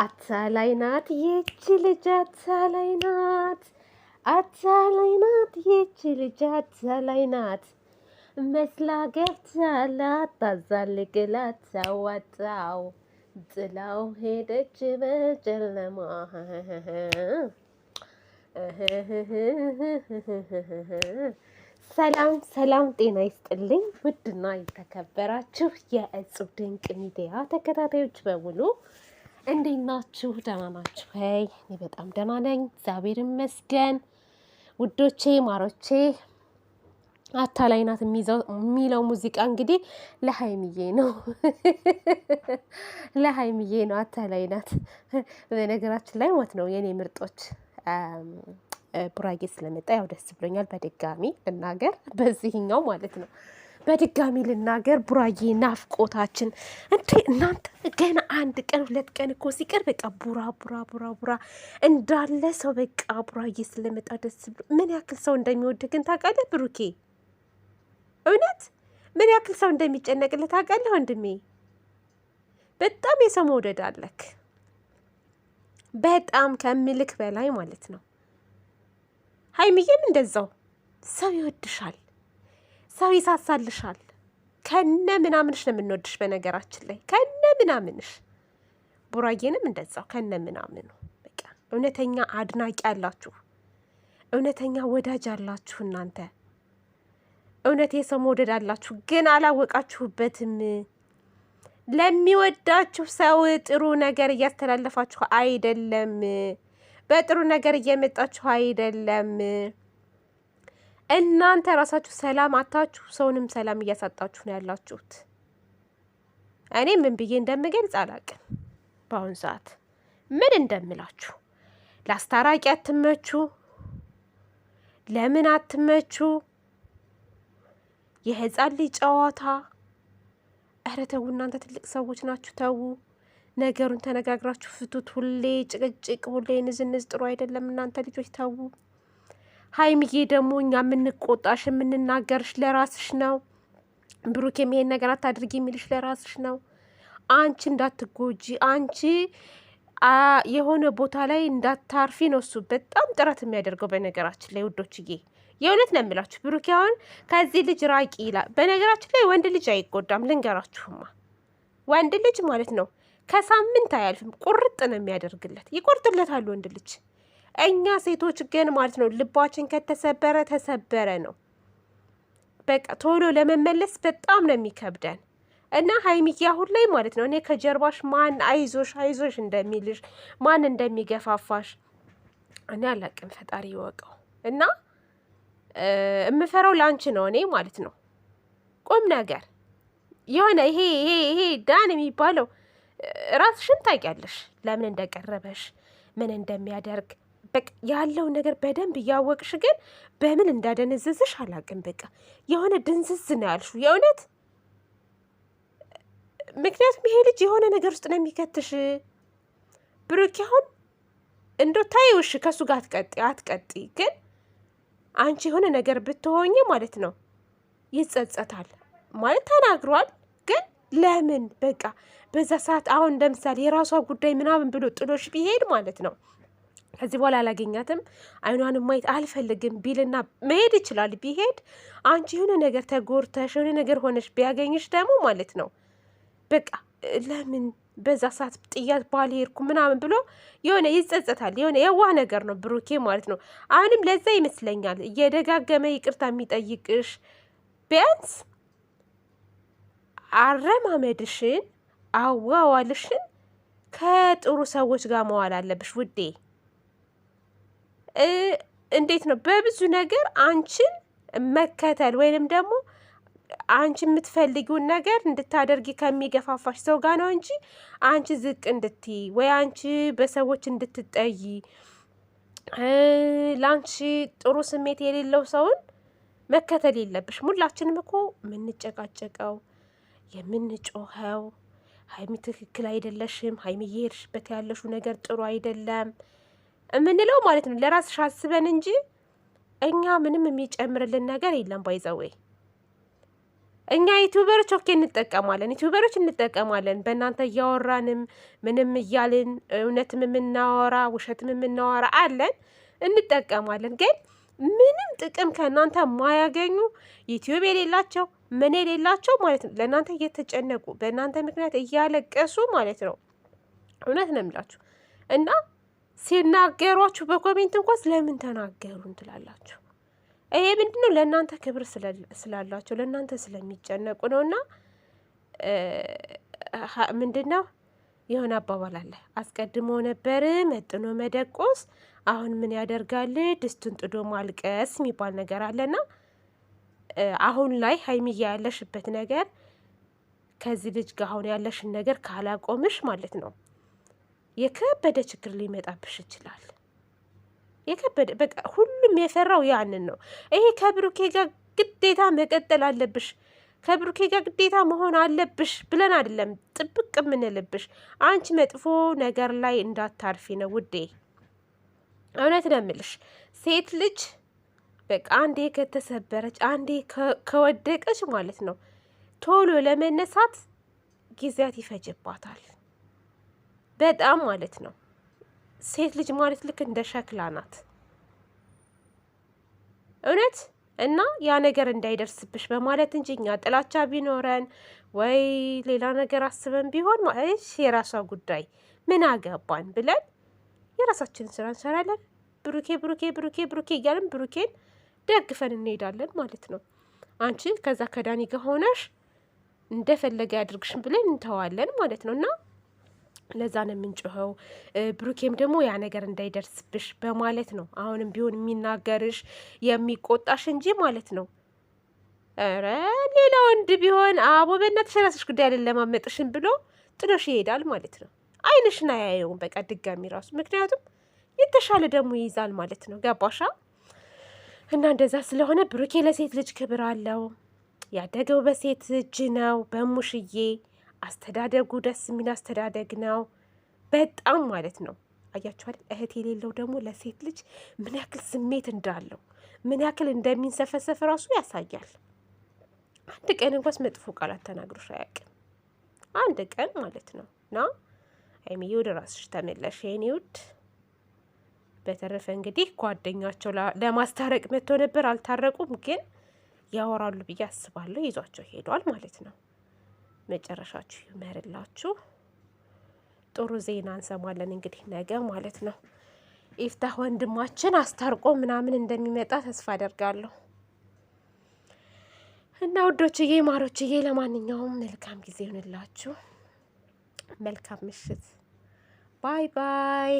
አታላይ ናት ይቺ ልጅ አታላይ ናት፣ አታላይ ናት ይቺ ልጅ አታላይ ናት። መስላ ገብታላት ታዛልግላ ታዋጣው ጥላው ሄደች በጨለማ። ሰላም ሰላም፣ ጤና ይስጥልኝ ውድና የተከበራችሁ የእፁብ ድንቅ ሚዲያ ተከታታዮች በሙሉ እንዴት ናችሁ? ደህና ናችሁ ይ እኔ በጣም ደህና ነኝ፣ እግዚአብሔር ይመስገን። ውዶቼ ማሮቼ፣ አታላይ ናት የሚለው ሙዚቃ እንግዲህ ለሀይምዬ ነው፣ ለሀይምዬ ነው። አታላይ ናት በነገራችን ላይ ሞት ነው። የኔ ምርጦች ቡራጌ ስለመጣ ያው ደስ ብሎኛል። በድጋሚ ልናገር በዚህኛው ማለት ነው በድጋሚ ልናገር ቡራዬ ናፍቆታችን እንዴ እናንተ ገና አንድ ቀን ሁለት ቀን እኮ ሲቀር በቃ ቡራ ቡራ ቡራ ቡራ እንዳለ ሰው በቃ ቡራዬ ስለመጣ ደስ ብሎ ምን ያክል ሰው እንደሚወድ ግን ታውቃለህ ብሩኬ? እውነት ምን ያክል ሰው እንደሚጨነቅልህ ታውቃለህ ወንድሜ? በጣም የሰው መውደድ አለክ፣ በጣም ከምልክ በላይ ማለት ነው። ሀይሚዬም እንደዛው ሰው ይወድሻል። ሰው ይሳሳልሻል። ከነ ምናምንሽ ነው የምንወድሽ። በነገራችን ላይ ከነ ምናምንሽ ቡራዬንም እንደዛው ከነ ምናምኑ በቃ እውነተኛ አድናቂ አላችሁ፣ እውነተኛ ወዳጅ አላችሁ እናንተ እውነት የሰው መውደድ አላችሁ፣ ግን አላወቃችሁበትም። ለሚወዳችሁ ሰው ጥሩ ነገር እያስተላለፋችሁ አይደለም፣ በጥሩ ነገር እየመጣችሁ አይደለም። እናንተ ራሳችሁ ሰላም አታችሁ ሰውንም ሰላም እያሳጣችሁ ነው ያላችሁት። እኔ ምን ብዬ እንደምገልጽ አላቅም። በአሁኑ ሰዓት ምን እንደምላችሁ ለአስታራቂ አትመቹ፣ ለምን አትመቹ? የህፃን ልጅ ጨዋታ። እረ እናንተ ትልቅ ሰዎች ናችሁ፣ ተዉ ነገሩን ተነጋግራችሁ ፍቱት። ሁሌ ጭቅጭቅ፣ ሁሌ ንዝንዝ ጥሩ አይደለም። እናንተ ልጆች ተዉ። ሀይምዬ ደግሞ እኛ የምንቆጣሽ የምንናገርሽ ለራስሽ ነው። ብሩክ የሚሄን ነገር አታድርጊ የሚልሽ ለራስሽ ነው። አንቺ እንዳትጎጂ አንቺ የሆነ ቦታ ላይ እንዳታርፊ ነው እሱ በጣም ጥረት የሚያደርገው። በነገራችን ላይ ውዶችዬ የእውነት ነው የምላችሁ ብሩኬ አሁን ከዚህ ልጅ ራቂ ይላል። በነገራችን ላይ ወንድ ልጅ አይጎዳም፣ ልንገራችሁማ ወንድ ልጅ ማለት ነው ከሳምንት አያልፍም። ቁርጥ ነው የሚያደርግለት፣ ይቆርጥለታል ወንድ ልጅ እኛ ሴቶች ግን ማለት ነው ልባችን ከተሰበረ ተሰበረ ነው። በቃ ቶሎ ለመመለስ በጣም ነው የሚከብደን። እና ሀይሚዬ አሁን ላይ ማለት ነው እኔ ከጀርባሽ ማን አይዞሽ አይዞሽ እንደሚልሽ ማን እንደሚገፋፋሽ እኔ አላቅም፣ ፈጣሪ ይወቀው። እና የምፈራው ላንቺ ነው እኔ ማለት ነው ቁም ነገር የሆነ ይሄ ይሄ ይሄ ዳን የሚባለው ራስሽን ታውቂያለሽ፣ ለምን እንደቀረበሽ ምን እንደሚያደርግ በቃ ያለውን ነገር በደንብ እያወቅሽ ግን በምን እንዳደነዘዝሽ አላቅም። በቃ የሆነ ድንዝዝ ነው ያልሹ የእውነት ምክንያቱም ይሄ ልጅ የሆነ ነገር ውስጥ ነው የሚከትሽ። ብሩኬ አሁን እንዶ ታይውሽ ከእሱ ጋር አትቀጢ አትቀጢ፣ ግን አንቺ የሆነ ነገር ብትሆኝ ማለት ነው ይጸጸታል ማለት ተናግሯል። ግን ለምን በቃ በዛ ሰዓት አሁን እንደምሳሌ የራሷ ጉዳይ ምናምን ብሎ ጥሎሽ ቢሄድ ማለት ነው ከዚህ በኋላ አላገኛትም፣ አይኗንም ማየት አልፈልግም ቢልና መሄድ ይችላል። ቢሄድ አንቺ የሆነ ነገር ተጎርተሽ የሆነ ነገር ሆነሽ ቢያገኝሽ ደግሞ ማለት ነው በቃ ለምን በዛ ሰዓት ጥያት ባልሄድኩ ምናምን ብሎ የሆነ ይጸጸታል። የሆነ የዋህ ነገር ነው ብሩኬ ማለት ነው። አሁንም ለዛ ይመስለኛል እየደጋገመ ይቅርታ የሚጠይቅሽ ቢያንስ አረማመድሽን አዋዋልሽን ከጥሩ ሰዎች ጋር መዋል አለብሽ ውዴ። እንዴት ነው በብዙ ነገር አንቺን መከተል ወይንም ደግሞ አንቺ የምትፈልጊውን ነገር እንድታደርጊ ከሚገፋፋሽ ሰው ጋር ነው እንጂ አንቺ ዝቅ እንድትይ ወይ አንቺ በሰዎች እንድትጠይ ለአንቺ ጥሩ ስሜት የሌለው ሰውን መከተል የለብሽ። ሁላችንም እኮ የምንጨቃጨቀው የምንጮኸው ሀይሚ ትክክል አይደለሽም፣ ሀይሚ እየሄድሽበት ያለሽው ነገር ጥሩ አይደለም የምንለው ማለት ነው። ለራስሽ አስበን እንጂ እኛ ምንም የሚጨምርልን ነገር የለም። ባይዘዌ እኛ ዩቱበሮች ኦኬ እንጠቀማለን፣ ዩቱበሮች እንጠቀማለን። በእናንተ እያወራንም ምንም እያልን እውነትም የምናወራ ውሸትም የምናወራ አለን፣ እንጠቀማለን። ግን ምንም ጥቅም ከእናንተ ማያገኙ ዩቲዩብ የሌላቸው ምን የሌላቸው ማለት ነው። ለእናንተ እየተጨነቁ በእናንተ ምክንያት እያለቀሱ ማለት ነው። እውነት ነው የምላችሁ እና ሲናገሯችሁ በኮሜንት እንኳን ለምን ተናገሩ እንትላላችሁ። ይሄ ምንድነው? ለእናንተ ክብር ስላላቸው ለእናንተ ስለሚጨነቁ ነው። እና ምንድነው የሆነ አባባል አለ። አስቀድሞ ነበር መጥኖ መደቆስ፣ አሁን ምን ያደርጋል ድስቱን ጥዶ ማልቀስ የሚባል ነገር አለና አሁን ላይ ሀይሚያ ያለሽበት ነገር ከዚህ ልጅ ጋር አሁን ያለሽን ነገር ካላቆምሽ ማለት ነው የከበደ ችግር ሊመጣብሽ ይችላል። የከበደ በቃ ሁሉም የፈራው ያንን ነው። ይሄ ከብሩኬ ጋር ግዴታ መቀጠል አለብሽ ከብሩኬ ጋር ግዴታ መሆን አለብሽ ብለን አይደለም ጥብቅ የምንልብሽ። አንቺ መጥፎ ነገር ላይ እንዳታርፊ ነው ውዴ። እውነት ነው የምልሽ። ሴት ልጅ በቃ አንዴ ከተሰበረች አንዴ ከወደቀች ማለት ነው ቶሎ ለመነሳት ጊዜያት ይፈጅባታል። በጣም ማለት ነው። ሴት ልጅ ማለት ልክ እንደ ሸክላ ናት እውነት እና ያ ነገር እንዳይደርስብሽ በማለት እንጂ እኛ ጥላቻ ቢኖረን ወይ ሌላ ነገር አስበን ቢሆን ማለት የራሷ ጉዳይ ምን አገባን ብለን የራሳችንን ስራ እንሰራለን። ብሩኬ ብሩኬ ብሩኬ ብሩኬ እያለን ብሩኬን ደግፈን እንሄዳለን ማለት ነው። አንቺ ከዛ ከዳኒ ጋር ሆነሽ እንደፈለገ ያድርግሽን ብለን እንተዋለን ማለት ነው እና ለዛ ነው የምንጮኸው። ብሩኬም ደግሞ ያ ነገር እንዳይደርስብሽ በማለት ነው አሁንም ቢሆን የሚናገርሽ የሚቆጣሽ እንጂ ማለት ነው። ኧረ ሌላ ወንድ ቢሆን አቦ በእናትሽ ራስሽ ጉዳይ ለማመጥሽን ብሎ ጥሎሽ ይሄዳል ማለት ነው። አይንሽን አያየውም በቃ ድጋሚ ራሱ ምክንያቱም የተሻለ ደግሞ ይይዛል ማለት ነው። ገባሻ? እና እንደዛ ስለሆነ ብሩኬ ለሴት ልጅ ክብር አለው። ያደገው በሴት እጅ ነው በሙሽዬ አስተዳደጉ ደስ የሚል አስተዳደግ ነው በጣም ማለት ነው። አያችኋል እህት የሌለው ደግሞ ለሴት ልጅ ምን ያክል ስሜት እንዳለው ምን ያክል እንደሚንሰፈሰፍ ራሱ ያሳያል። አንድ ቀን እንኳስ መጥፎ ቃላት ተናግሮሽ አያውቅም። አንድ ቀን ማለት ነው። ና ሀይሚዬ ወደ ራስሽ ተመለሽ የኔ ውድ። በተረፈ እንግዲህ ጓደኛቸው ለማስታረቅ መጥቶ ነበር። አልታረቁም፣ ግን ያወራሉ ብዬ አስባለሁ። ይዟቸው ሄዷል ማለት ነው። መጨረሻችሁ ይመርላችሁ። ጥሩ ዜና እንሰማለን እንግዲህ ነገ ማለት ነው። ኢፍታህ ወንድማችን አስታርቆ ምናምን እንደሚመጣ ተስፋ አደርጋለሁ። እና ውዶችዬ ማሮችዬ፣ ለማንኛውም መልካም ጊዜ ይሆንላችሁ። መልካም ምሽት። ባይ ባይ።